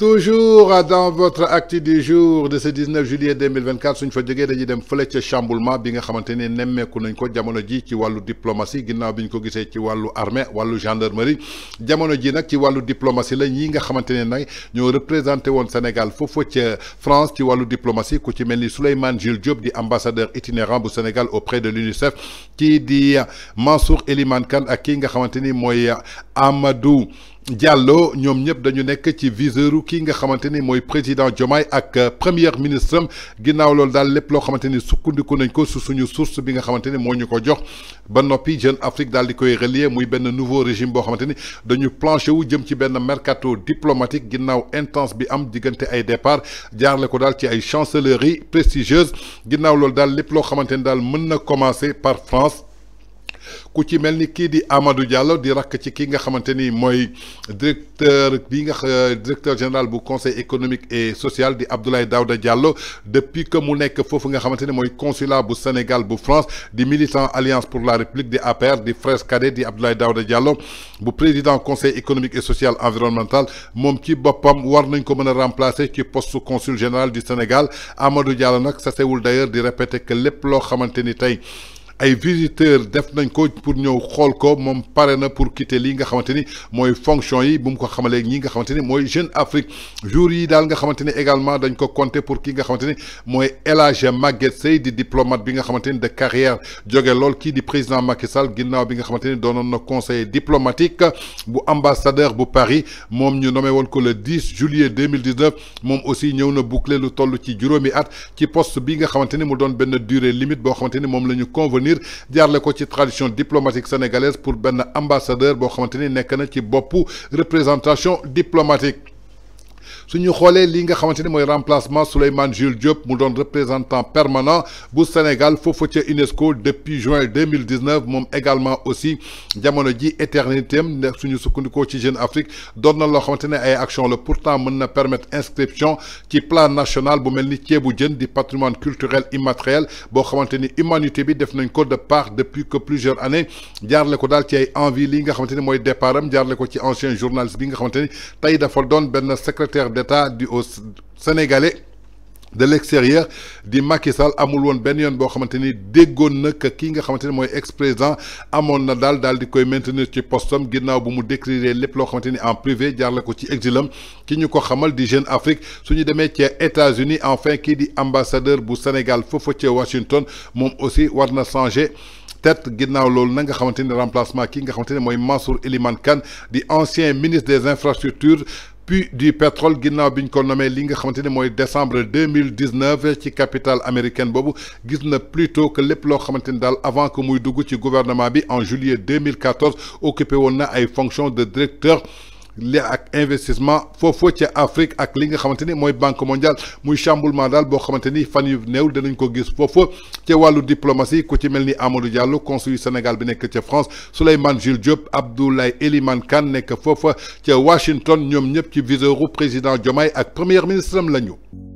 toujours dans votre acte du jour de ce 19 juillet 2024 suñ fa jógee dañuy dem fële ca chamboulement bi nga xamante ne nañ ko jamono ji ci diplomatie ginnaaw bi ko gisee ci wàllu armée wàllu gendarmerie jamono ji nag ci wàllu diplomatie la ñi nga pas ne ñoo représenté le Sénégal foofu ca France ci wàllu diplomatie ku ci mel ni Jules Diop di ambassadeur itinérant bu Sénégal auprès de l'UNICEF qui dit Mansour Eliman Kane ak kii nga xamante ni Amadou Diallo ñom ñep dañu nekk ci viseuru ki nga xamanteni moy président Diomaye ak euh, premier ministre am lool dal lepp lo xamanteni xamante nañ ko su suñu source bi nga xamanteni ni ñu ko jox ba nopi Jeune Afrique dal di koy relier muy benn nouveau régime bo xamanteni dañu planché wu jëm ci benn mercato diplomatique ginnaaw intense bi am digënté ay départ jaarle ko dal ci ay chancelleries prestigieuses ginnaaw lool dal lepp lo xamanteni dal mëna commencer par France ku ci melni di Amadou Diallo di rak ci ki nga xamanteni moy eh, directeur général du conseil économique et social di Abdoulaye Daouda Diallo depuis que mu nek fofu nga xamanteni consulat bu Sénégal bu France di militant alliance pour la république di APR di frère cadet di Abdoulaye Daouda Diallo bu président conseil économique et social environnemental mon ci Bopam war nañ ko mëna remplacer ci poste consul général du Sénégal Amadou Diallo nag sasewul d'ailleurs di répéter que lepp lo xamanteni tay ay visiteurs def nañ ko pour ñëw xool ko moom pare na pour quitter li nga xamante ni mooy fonction yi bu mu ko xamalee ñi nga xamante ni Jeune Afrique jour yi daal nga xamante ni également dañ ko compter pour ki nga xamante ni mooy El Hadj Maguette di diplomate bi nga xamante de carrière jóge lool kii di président Macky Sall ginnaaw bi nga xamante ni doonoon na conseiller diplomatique bu ambassadeur bu Paris moom ñu nommé woon ko le 10 juillet 2019 moom aussi ñëw na boucler lu toll ci juróomi at ci poste bi nga xamante ni mu doon benn durée limite boo xamante ni moom la ñu convenir de le ko tradition diplomatique sénégalaise pour ben ambassadeur bo xamanteni nek na ci représentation diplomatique suñu xoolee li nga xamante de remplacement Souleymane Jules Diop mu doon représentant permanent bu Sénégal foofu UNESCO depuis juin 2019 mom également aussi jamono ji éternité am suñu sukkandikoo ci Jeune Afrique doon na loo xamante ay action le pourtant mën na permettre inscription ci plan national bu mel ni ceebu du patrimoine culturel immatériel boo xamante ni humanité bi def nañ ko de part depuis que plusieurs années jaarle le daal ci ay envie li nga xamante départ am ko ancien journaliste bi nga xamante ni tey dafa secrétaire état du au Sénégalais de l'extérieur di Macky Sall amul won ben yon bo xamanteni ni na que king nga xamanteni ex président amon na dal qui di koy maintenir ci postam ginnaaw bu mu décrire lepp lo xamanteni en privé jaarale ko ci exilam ki ñu ko xamal di Jeune Afrique suñu démé ci États-Unis enfin qui dit ambassadeur bu Sénégal fofu ci Washington mom aussi war na changer. tête ginnaw na nga xamanteni remplacement King, nga xamanteni moy Mansour Eliman Kane di ancien ministre des infrastructures puis, du pétrole ginnaaw biñ ko nommé li nga décembre 2019 qui capitale américaine Bobu gis na plutôt que les lo avant que muy dugg ci gouvernement en juillet 2014 occupé ay fonctions de directeur li ak investissement foofoo Afrique ak li nga xamanteni moy banque mondiale moy chamboulement dal bo xamanteni fan yu néew dañ ko gis foofu ci walu diplomatie ko ci melni Amadou Diallo consul Sénégal bi nek France Souleymane Jules Diop Abdoulaye Elimane Kane nekk foofa ci Washington ñom ñep ci viseuru président Jomay, ak premier ministre am